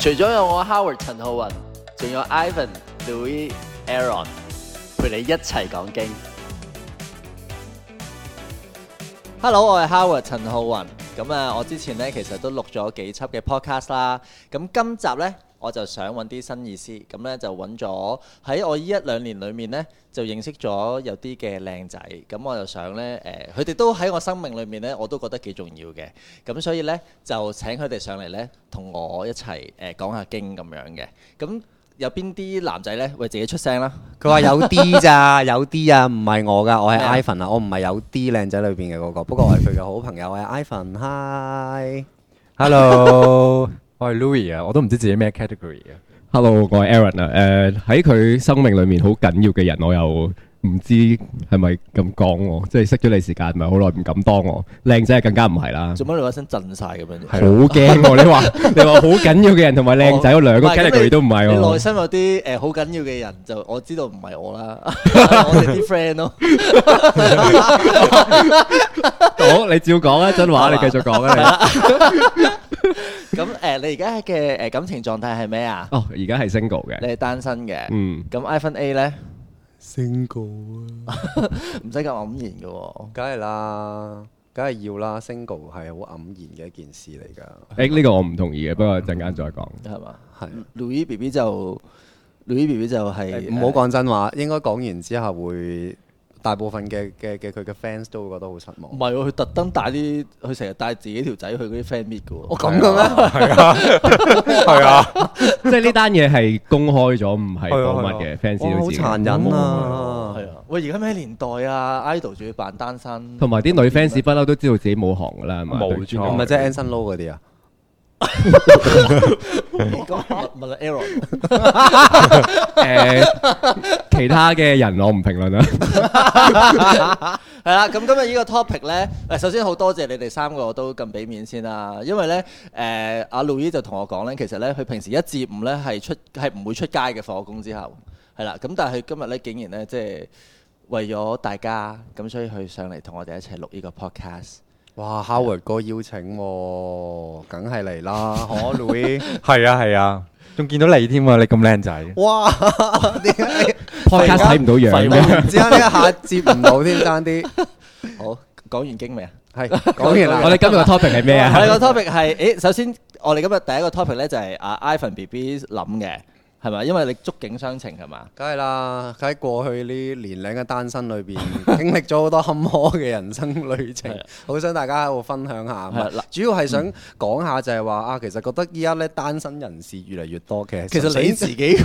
除咗有我 Howard 陳浩雲，仲有 Ivan、Louis、Aaron 陪你一齊講經。Hello，我係 Howard 陳浩雲。咁我之前呢其實都錄咗幾輯嘅 podcast 啦。咁今集呢？我就想揾啲新意思，咁呢就揾咗喺我呢一兩年裏面呢，就認識咗有啲嘅靚仔，咁我就想呢誒，佢哋都喺我生命裏面呢，我都覺得幾重要嘅，咁所以呢就請佢哋上嚟呢，同我一齊誒講下經咁樣嘅。咁有邊啲男仔呢？喂，自己出聲啦！佢話有啲咋，有啲啊，唔係我噶，我係 Ivan 啊，我唔係有啲靚仔裏邊嘅嗰個，不過我係佢嘅好朋友啊，Ivan，Hi，Hello。我係 Louis 啊，我都唔知自己咩 category 啊。Hello，我係 Aaron 啊。誒，喺佢生命裏面好緊要嘅人，我又唔知係咪咁講我，即係識咗你時間，唔係好耐，唔敢當我。靚仔係更加唔係啦。做乜你把聲震晒咁樣？好驚我，你話你話好緊要嘅人，同埋靚仔，兩個 category 都唔係我。內心有啲誒，好緊要嘅人，就我知道唔係我啦，我哋啲 friend 咯。好，你照講啊，真話，你繼續講啊，你。咁誒， 嗯、你而家嘅誒感情狀態係咩啊？ 哦，而家係 single 嘅，你係單身嘅。嗯。咁 Ivan A 咧？single 啊，唔使咁黯然嘅喎。梗係啦，梗係要啦，single 係好黯然嘅一件事嚟噶。誒，呢個我唔同意嘅，不過陣間再講。係嘛？係。Louis B B 就 Louis B B 就係唔好講真話，應該講完之後會。大部分嘅嘅嘅佢嘅 fans 都會覺得好失望。唔係喎，佢特登帶啲，佢成日帶自己條仔去嗰啲 fan meet 噶喎。我咁嘅咩？係 啊樂，係啊、哦，即係呢單嘢係公開咗，唔係講乜嘅 fans 好殘忍啊！係啊、欸，喂，而家咩年代啊？Idol 仲要扮單身，同埋啲女 fans 不嬲都知道自己冇行㗎啦，係咪、嗯？冇錯，唔係即係 Anson Lo 嗰啲啊。 嗯、其他嘅人我唔評論啊。係啦，咁今日呢個 topic 咧，首先好多謝你哋三個都咁俾面先啦。因為呢，誒、呃，阿 Louis 就同我講呢，其實呢，佢平時一至五呢係出係唔會出街嘅。放工之後係啦，咁、嗯、但係佢今日呢，竟然呢，即係為咗大家咁，所以佢上嚟同我哋一齊錄呢個 podcast。哇，Howard 哥邀請，梗係嚟啦。可 Louis 係啊係啊，仲見到你添啊，你咁靚仔。哇點解你？睇唔到樣嘅，只係呢一下接唔到，添？爭啲。好，講完經未啊？係講完啦、嗯。我哋今日嘅 topic 係咩啊？我哋個 topic 係，誒，首先我哋今日第一個 topic 咧就係阿 Ivan BB 諗嘅。係咪？因為你觸景傷情係嘛？梗係啦，喺過去呢年齡嘅單身裏邊，經歷咗好多坎坷嘅人生旅程，好想大家喺度分享下。係啦，主要係想講下就係話啊，其實覺得依家咧單身人士越嚟越多嘅。其實你自己，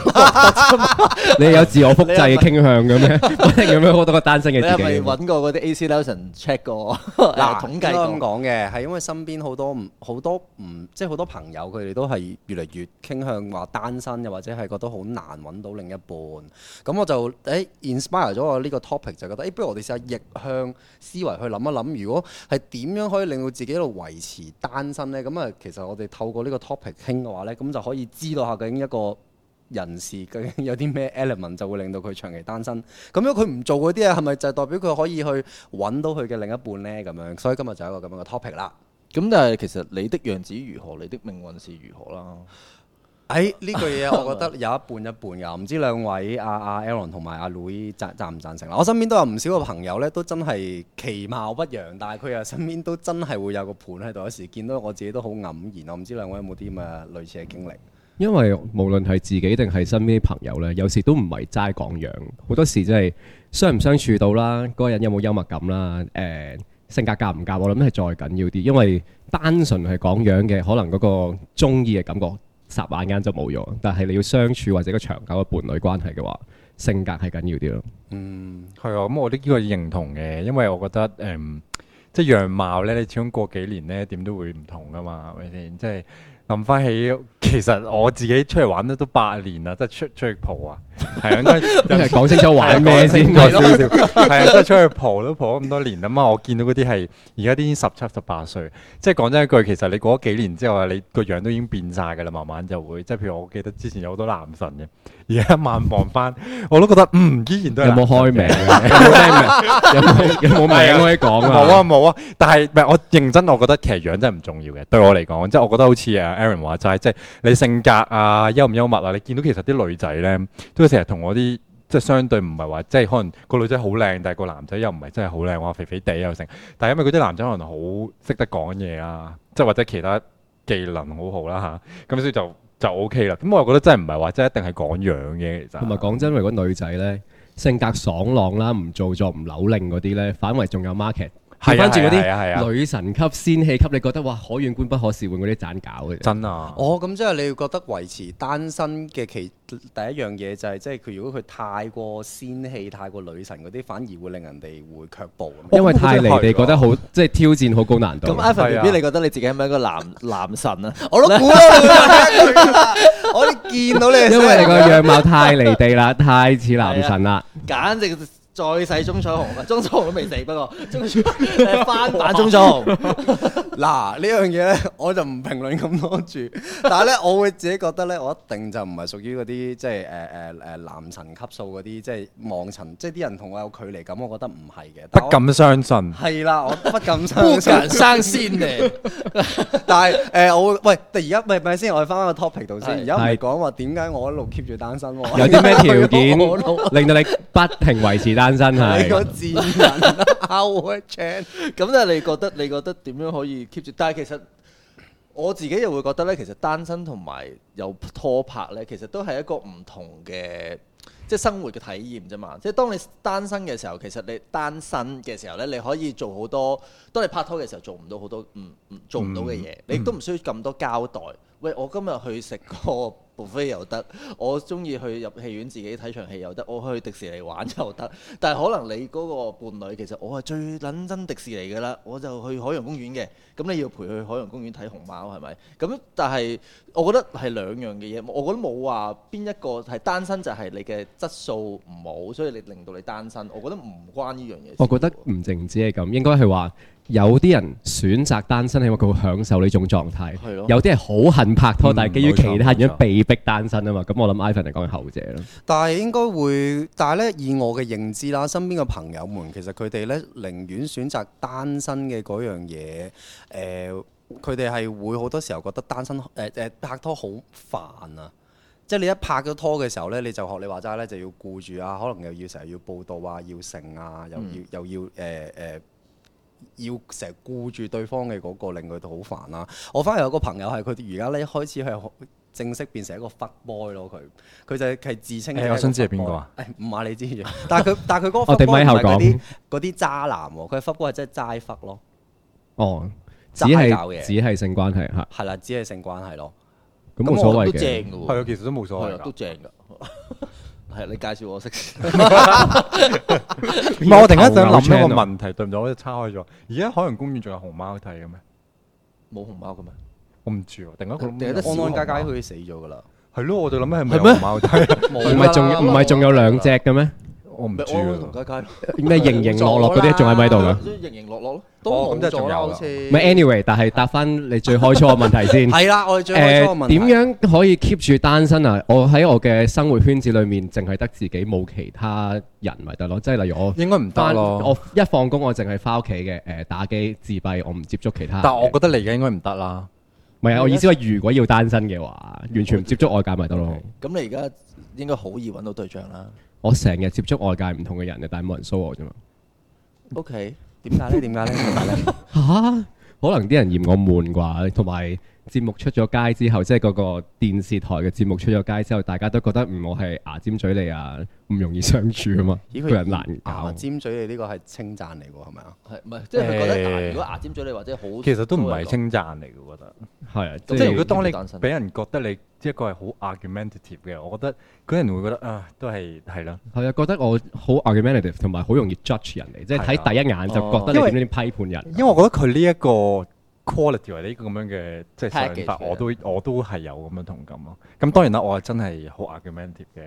你有自我複製嘅傾向嘅咩？有咩好多個單身嘅？你有未揾過嗰啲 accelation check 過？嗱，統計咁講嘅，係因為身邊好多唔好多唔即係好多朋友，佢哋都係越嚟越傾向話單身嘅，又或者係。係覺得好難揾到另一半，咁我就、欸、inspire 咗我呢個 topic 就覺得，誒、欸、不如我哋試下逆向思維去諗一諗，如果係點樣可以令到自己喺度維持單身呢？咁啊，其實我哋透過呢個 topic 傾嘅話呢，咁就可以知道下究竟一個人士究竟有啲咩 element 就會令到佢長期單身。咁樣佢唔做嗰啲嘢，係咪就代表佢可以去揾到佢嘅另一半呢？咁樣，所以今日就有一個咁樣嘅 topic 啦。咁但係其實你的樣子如何，你的命運是如何啦？喺呢、哎、句嘢，我覺得有一半一半噶。唔知兩位阿阿 Aaron 同埋阿 Louis，贊唔贊成啦？我身邊都有唔少嘅朋友呢，都真係其貌不揚，但係佢又身邊都真係會有個伴喺度。有時見到我自己都好黯然。我唔知兩位有冇啲咩嘅類似嘅經歷？因為無論係自己定係身邊啲朋友呢，有時都唔係齋講樣，好多時真係相唔相處到啦。嗰個人有冇幽默感啦？誒、欸、性格夾唔夾？我諗係再緊要啲，因為單純係講樣嘅，可能嗰個中意嘅感覺。霎眼間就冇用，但係你要相處或者一個長久嘅伴侶關係嘅話，性格係緊要啲咯、嗯。嗯，係啊，咁我呢個認同嘅，因為我覺得，誒、嗯，即、就、係、是、樣貌咧，你始終過幾年咧，點都會唔同噶嘛，係咪先？即係。諗翻起，其實我自己出嚟玩都都八年啦，即係出出去蒲啊，係啊， 應該 是講清楚玩咩 先。係啊， 即係出去蒲都蒲咗咁多年啦嘛，我見到嗰啲係而家啲十七十八歲，即係講真一句，其實你過咗幾年之後啊，你個樣都已經變晒㗎啦，慢慢就會即係譬如我記得之前有好多男神嘅，而家慢望翻 我都覺得嗯依然都有。有冇開名？有冇名可以講啊？冇啊冇啊，但係唔係我認真，我覺得其實樣真係唔重要嘅，對我嚟講，即係我覺得好似啊～Aaron 話齋，即係你性格啊，幽唔幽默啊？你見到其實啲女仔咧，都會成日同我啲即係相對唔係話，即係可能個女仔好靚，但係個男仔又唔係真係好靚，話肥肥哋又成。但係因為嗰啲男仔可能好識得講嘢啊，即係或者其他技能好好啦吓，咁、啊、所以就就 O K 啦。咁我又覺得真係唔係話即係一定係講樣嘅，其實同埋講真，如果女仔咧性格爽朗啦，唔做作、唔扭擰嗰啲咧，反為仲有 market。係翻住嗰啲女神級、仙氣級，你覺得哇，可遠觀不可褻玩嗰啲盞搞嘅真啊的！哦，咁即係你覺得維持單身嘅其第一樣嘢就係、是，即係佢如果佢太過仙氣、太過女神嗰啲，反而會令人哋會卻步，因為太離地，覺得好即係挑戰好高難度。咁 Ivan BB，你覺得你自己係咪一個男男神啊？我都估到，我見到你臉上，因為你個樣貌太離地啦，太似男神啦，簡直。臉上再世鍾彩虹啊！鍾彩虹都未死，不過，鍾彩翻版鍾彩虹。嗱、 啊這個、呢樣嘢咧，我就唔評論咁多住。但係咧，我會自己覺得咧，我一定就唔係屬於嗰啲即係誒誒誒男神級數嗰啲，即係望塵，即係啲人同我有距離感。我覺得唔係嘅。不敢相信。係啦，我不敢相信。孤生先嘅。但係誒我會喂，而家咪咪先，說說我哋翻返個 topic 度先。而家唔係講話點解我一路 keep 住單身對有啲咩條件 令到你不停維持單？ 單身的 你個賤人，out of chain 咁咧，你覺得你覺得點樣可以 keep 住？但係其實我自己又會覺得咧，其實單身同埋有拖拍咧，其實都係一個唔同嘅即係生活嘅體驗啫嘛。即係當你單身嘅時候，其實你單身嘅時候咧，你可以做好多當你拍拖嘅時候做唔到好多，唔、嗯、唔做唔到嘅嘢。嗯、你都唔需要咁多交代。嗯、喂，我今日去食個 buffet 又得，我中意去入戲院自己睇場戲又得，我去迪士尼玩又得。但係可能你嗰個伴侶其實我係最撚憎迪士尼㗎啦，我就去海洋公園嘅。咁你要陪佢去海洋公園睇熊貓係咪？咁但係我覺得係兩樣嘅嘢，我覺得冇話邊一個係單身就係你嘅質素唔好，所以你令到你單身。我覺得唔關呢樣嘢。我覺得唔淨止係咁，應該係話。有啲人選擇單身係因為佢會享受呢種狀態，是的 有啲人好恨拍拖，嗯、但係基於其他原因被逼單身啊嘛。咁我諗 Ivan 係講後者咯。但係應該會，但係咧以我嘅認知啦，身邊嘅朋友們其實佢哋咧寧願選擇單身嘅嗰樣嘢。誒、呃，佢哋係會好多時候覺得單身誒誒、呃、拍拖好煩啊！即係你一拍咗拖嘅時候咧，你就學你話齋咧，就要顧住啊，可能又要成日要報到啊，要成啊，又要、嗯、又要誒誒。要成日顧住對方嘅嗰、那個令佢哋好煩啦！我反而有個朋友係佢哋，而家咧開始係正式變成一個 fuck boy 咯，佢佢就係自稱，欸。我想知道係邊個啊？唔話，哎，你知住，但係佢 但係佢嗰個 fuck b o 啲啲渣男喎，佢 fuck boy 係真係齋 fuck 咯。哦，只係只係性關係嚇。係啦，只係性關係咯。咁冇，嗯、所謂嘅。係啊，其實都冇所謂，都正㗎。係你介紹我識先，唔係我突然間想諗一個問題，對唔住我一叉開咗。而家海洋公園仲有熊貓睇嘅咩？冇熊貓嘅咩？我唔知喎，突然間佢安安家家好似死咗㗎啦。係咯，我哋諗緊係咪熊貓睇？唔係仲唔係仲有兩隻嘅咩？我唔知啊，咩形形落落嗰啲仲喺咪度噶？即係形形落落咯，都仲有。咪 anyway，但係答翻你最開初嘅問題先。係啦，我哋最開初嘅問題。點樣可以 keep 住單身啊？我喺我嘅生活圈子裏面，淨係得自己，冇其他人為大佬。即係例如我，應該唔得咯。我一放工，我淨係翻屋企嘅，誒，打機自閉，我唔接觸其他。但係我覺得你嘅應該唔得啦。唔係啊！我意思話，如果要單身嘅話，完全唔接觸外界咪得咯。咁你而家應該好易揾到對象啦。我成日接觸外界唔同嘅人嘅，但係冇人收我啫嘛。OK，點解呢？點解呢？點解呢？嚇！可能啲人嫌我悶啩，同埋。節目出咗街之後，即係嗰個電視台嘅節目出咗街之後，大家都覺得唔，係，我係牙尖嘴利啊，唔容易相處啊嘛。呃、個人難搞。牙尖嘴利呢個係稱讚嚟嘅係咪啊？係唔係？即係佢覺得，欸、如果牙尖嘴利或者好，其實都唔係稱讚嚟嘅，我覺得係。啊，就係，即係如果當你俾人覺得你一，這個係好 argumentative 嘅，我覺得嗰人會覺得啊，都係係啦。係啊，覺得我好 argumentative，同埋好容易 judge 人哋，即係睇第一眼就覺得你點樣批判人。啊啊、因為、因為、因為我覺得佢呢一個。quality 或者呢個咁樣嘅即係想法，我都我都係有咁樣同感咯。咁當然啦，我係真係好 argument 嘅。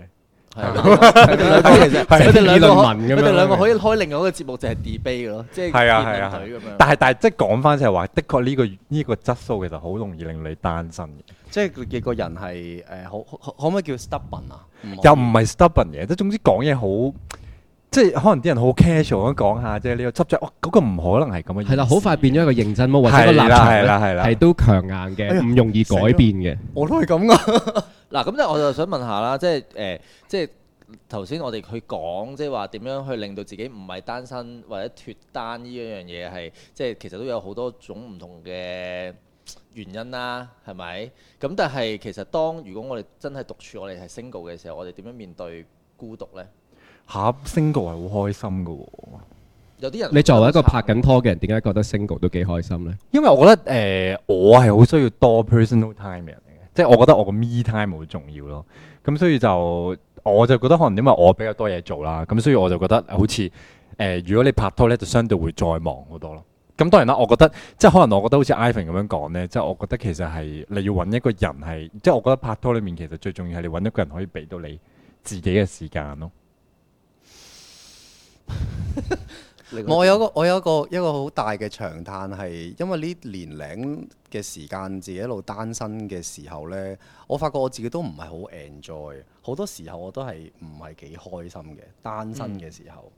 係啊，其實佢哋兩個，佢哋兩個可以開另外一個節目，就係 debate 咯。即係係啊係啊。但係但係，即係講翻就係話，的確呢個呢個質素其實好容易令你單身嘅。即係佢幾個人係誒，可可可唔可以叫 stubborn 啊？又唔係 stubborn 嘢，即係總之講嘢好。即係可能啲人好 casual 咁講下，即係呢個執著，嗰個唔可能係咁樣。係啦，好快變咗一個認真，或者都冷場，係都強硬嘅，唔容易改變嘅。我都係咁啊！嗱，咁即係我就想問下啦，即係誒，即係頭先我哋去講，即係話點樣去令到自己唔係單身或者脫單呢樣嘢係，即係其實都有好多種唔同嘅原因啦，係咪？咁但係其實當如果我哋真係獨處，我哋係 single 嘅時候，我哋點樣面對孤獨咧？嚇，single 係好開心嘅喎。有啲人你作為一個拍緊拖嘅人，點解覺得 single 都幾開心呢？因為我覺得誒，我係好需要多 personal time 嘅人嘅，即係我覺得我個 me time 好重要咯。咁所以就我就覺得可能因為我比較多嘢做啦，咁所以我就覺得好似誒，如果你拍拖呢，就相對會再忙好多咯。咁當然啦，我覺得即係可能我覺得好似 Ivan 咁樣講呢，即係我覺得其實係你要揾一個人係，即係我覺得拍拖裡面其實最重要係你揾一個人可以俾到你自己嘅時間咯。我有個我有一個我有一個好大嘅長嘆係，因為呢年齡嘅時間自己一路單身嘅時候呢，我發覺我自己都唔係好 enjoy，好多時候我都係唔係幾開心嘅單身嘅時候。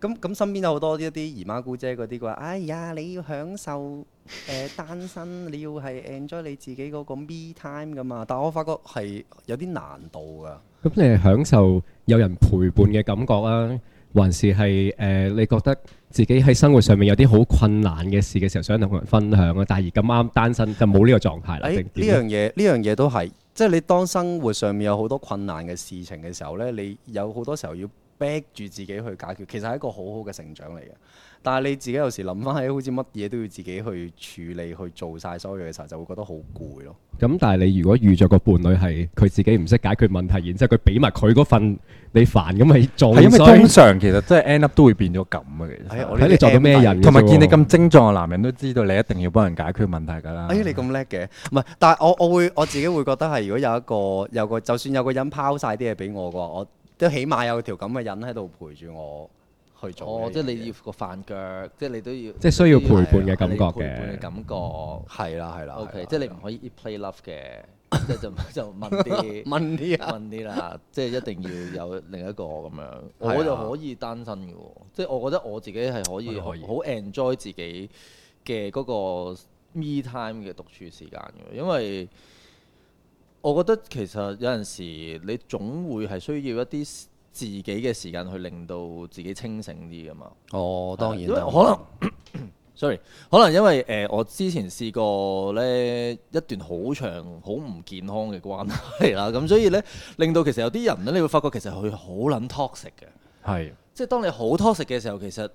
咁咁、嗯、身邊有好多啲姨媽姑姐嗰啲佢話，哎呀，你要享受誒、呃、單身，你要係 enjoy 你自己嗰個 me time 噶嘛。但我發覺係有啲難度噶。咁你係享受有人陪伴嘅感覺啊？還是係誒、呃，你覺得自己喺生活上面有啲好困難嘅事嘅時候，想同人分享啊？但係而咁啱單身就冇呢個狀態啦。欸，呢樣嘢呢樣嘢都係，即係你當生活上面有好多困難嘅事情嘅時候呢，你有好多時候要逼住自己去解決，其實係一個好好嘅成長嚟嘅。但係你自己有時諗翻起好似乜嘢都要自己去處理去做晒所有嘅時候，就會覺得好攰咯。咁、嗯、但係你如果遇著個伴侶係佢自己唔識解決問題，然之後佢俾埋佢嗰份你煩壞壞，咁咪做。因為通常其實真係 end up 都會變咗咁啊，其實睇、哎、你做到咩人，同埋見你咁精壯嘅男人都知道你一定要幫人解決問題㗎啦。哎你咁叻嘅，唔係，但係我我會我自己會覺得係如果有一個有個就算有個人拋晒啲嘢俾我嘅話，我都起碼有條咁嘅人喺度陪住我。哦，即係你要個飯腳，即係你都要，即係需要陪伴嘅感覺嘅。陪伴嘅感覺係啦，係啦。OK，即係你唔可以 eat play love 嘅，即係就就問啲問啲啊，問啲啦，即係一定要有另一個咁樣。我就可以單身嘅，即係我覺得我自己係可以好 enjoy 自己嘅嗰個 me time 嘅獨處時間嘅，因為我覺得其實有陣時你總會係需要一啲。自己嘅時間去令到自己清醒啲㗎嘛？哦，當然啊，是可能 ，sorry，可能因為誒、呃，我之前試過咧一段好長、好唔健康嘅關係啦，咁、 嗯、所以咧，令到其實有啲人咧，你會發覺其實佢好撚 toxic 嘅。係是，即係當你好 toxic 嘅時候，其實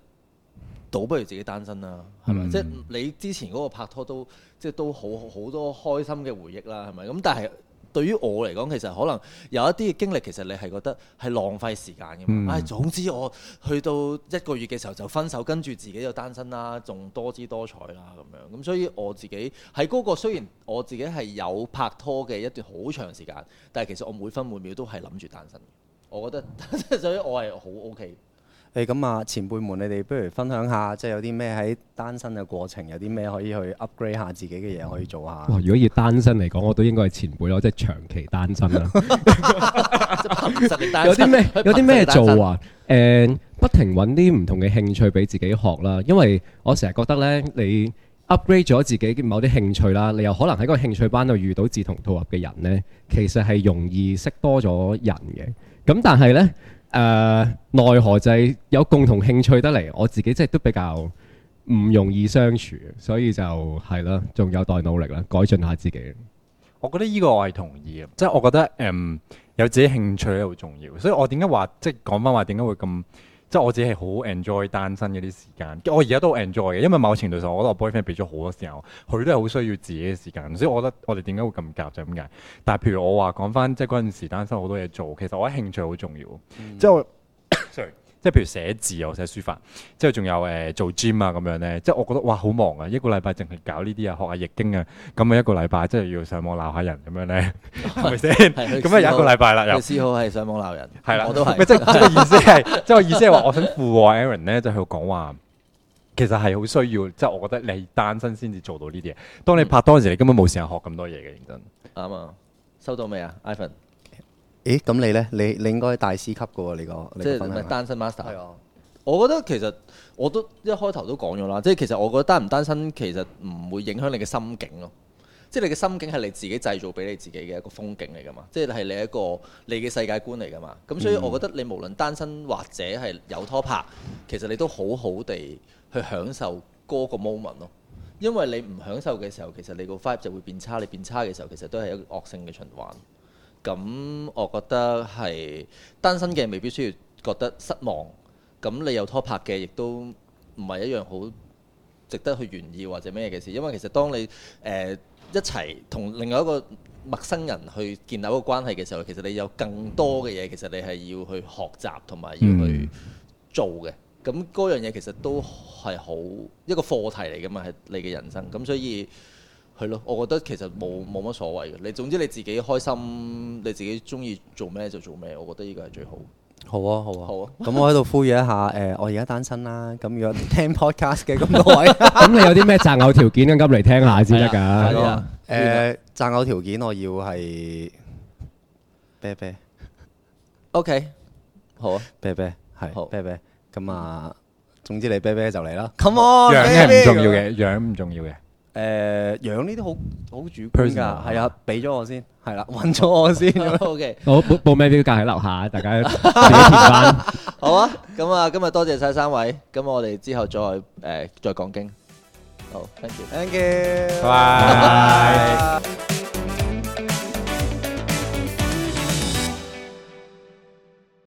倒不如自己單身啦，係咪吧？嗯、即係你之前嗰個拍拖都即係都好好多開心嘅回憶啦，係咪？咁但係。對於我嚟講，其實可能有一啲嘅經歷，其實你係覺得係浪費時間嘅嘛。唉、嗯，總之我去到一個月嘅時候就分手，跟住自己就單身啦，仲多姿多彩啦咁樣。咁、嗯、所以我自己喺嗰、嗰個雖然我自己係有拍拖嘅一段好長時間，但係其實我每分每秒都係諗住單身。我覺得， 所以我係好 OK。誒咁啊，哎、前輩們，你哋不如分享下，即係有啲咩喺單身嘅過程，有啲咩可以去 upgrade 下自己嘅嘢，可以做下、哦。如果以單身嚟講，我都應該係前輩咯，即係長期單身啦。有啲咩？有啲咩做啊？誒 ，uh, 不停揾啲唔同嘅興趣俾自己學啦。因為我成日覺得呢，你 upgrade 咗自己某啲興趣啦，你又可能喺個興趣班度遇到志同道合嘅人呢，其實係容易識多咗人嘅。咁但係呢。誒，奈、uh, 何就係有共同興趣得嚟，我自己即係都比較唔容易相處，所以就係啦，仲有待努力啦，改進下自己。我覺得呢個我係同意嘅，即係我覺得，嗯、um,，有自己興趣咧好重要，所以我點解話即係講翻話點解會咁？即係我自己係好 enjoy 單身嗰啲時間，我而家都 enjoy 嘅，因為某程度上我覺得我 boyfriend 俾咗好多時間，佢都係好需要自己嘅時間，所以我覺得我哋點解會咁夾就係咁解。但係譬如我話講翻，即係嗰陣時單身好多嘢做，其實我覺得興趣好重要。即係即係譬如寫字啊，寫書法，即係仲有誒、呃、做 gym 啊咁樣咧，即係我覺得哇好忙啊！一個禮拜淨係搞呢啲啊，學下易經啊，咁啊一個禮拜即係要上網鬧下人咁樣咧，係咪先？咁啊有一個禮拜啦，有司好係上網鬧人，係啦是，我都係。唔即係我意思係，即係我意思係話，我想附和 Aaron 咧，就係、去講話，其實係好需要。即係 我覺得你單身先至做到呢啲嘢。當你拍多陣時，嗯、你根本冇時間學咁多嘢嘅，認真啱啊！收到未啊 Ivan？誒咁你呢？你你應該大師級嘅喎，你個即係唔係單身 master？係啊，我覺得其實我都一開頭都講咗啦，即係其實我覺得單唔單身其實唔會影響你嘅心境咯。即係你嘅心境係你自己製造俾你自己嘅一個風景嚟㗎嘛。即係係你一個你嘅世界觀嚟㗎嘛。咁所以我覺得你無論單身或者係有拖拍，嗯、其實你都好好地去享受嗰個 moment 咯。因為你唔享受嘅時候，其實你個 vibe 就會變差。你變差嘅時候，其實都係一個惡性嘅循環。咁我覺得係單身嘅未必需要覺得失望，咁你有拖拍嘅亦都唔係一樣好值得去炫耀或者咩嘅事，因為其實當你誒、呃、一齊同另外一個陌生人去建立一個關係嘅時候，其實你有更多嘅嘢，其實你係要去學習同埋要去做嘅，咁嗰、嗯、樣嘢其實都係好一個課題嚟噶嘛，係你嘅人生，咁所以。係咯，我覺得其實冇冇乜所謂嘅。你總之你自己開心，你自己中意做咩就做咩，我覺得呢個係最好。好啊，好啊，好啊。咁 我喺度呼籲一下，誒、呃，我而家單身啦。咁如果聽 podcast 嘅咁多 位，咁、 嗯、你有啲咩擇偶條件咁急嚟聽一下先得㗎？誒、啊，擇、啊啊呃、偶條件我要係啤啤。O、okay, K，好啊，啤啤係好啤啤。咁好啊，總之你啤啤就嚟啦。Come on，樣係唔重要嘅，樣唔重要嘅。誒養呢啲好好主觀啊，係啊，俾咗我先，係啦，揾咗我先，OK。 好報咩表格喺樓下， 大家自己填。 好啊，咁啊，今日多謝晒三位，咁我哋之後再誒、呃、再講經。好、oh，thank you，thank you，拜拜。